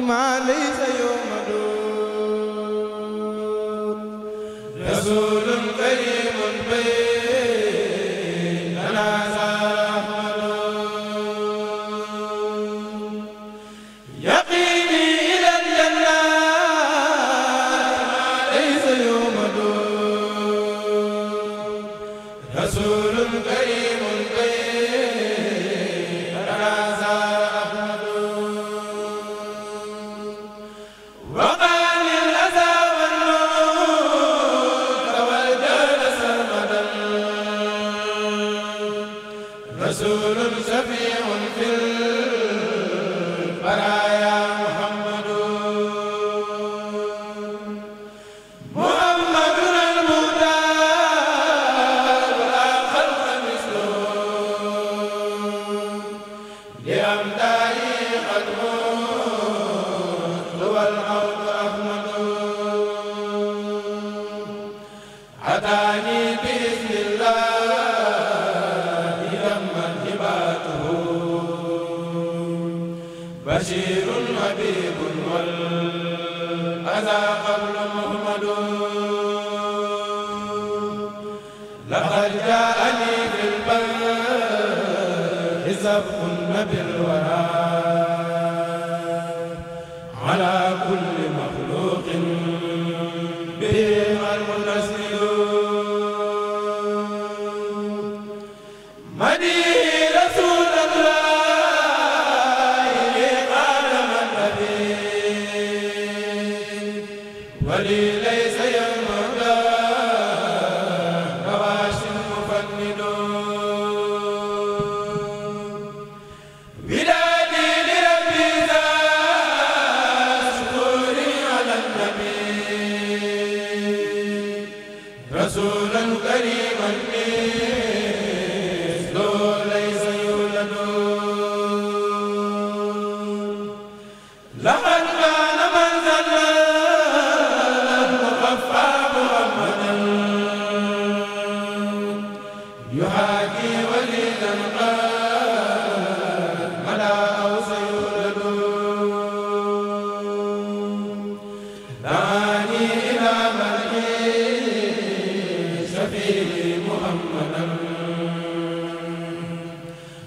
ما ليس يوما رسول سفي في بشير حبيب والأذى قبل محمد لقد جاءني في البر سبق بالورى على كل مخلوق به خلق الأسنان xalil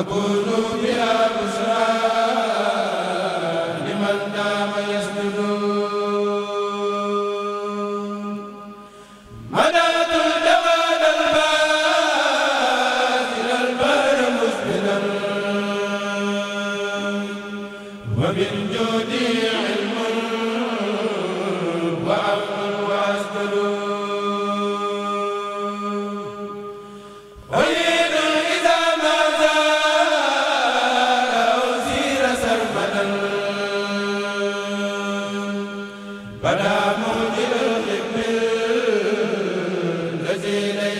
Akbar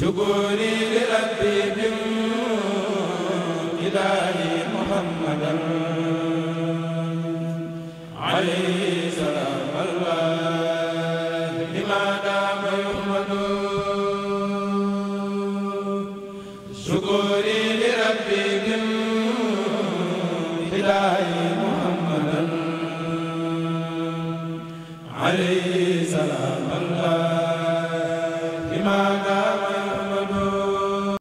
شكوري لربي من إلهي محمدا عليه سلام الله لما دام يحمد شكوري لربي من إلهي محمدا عليه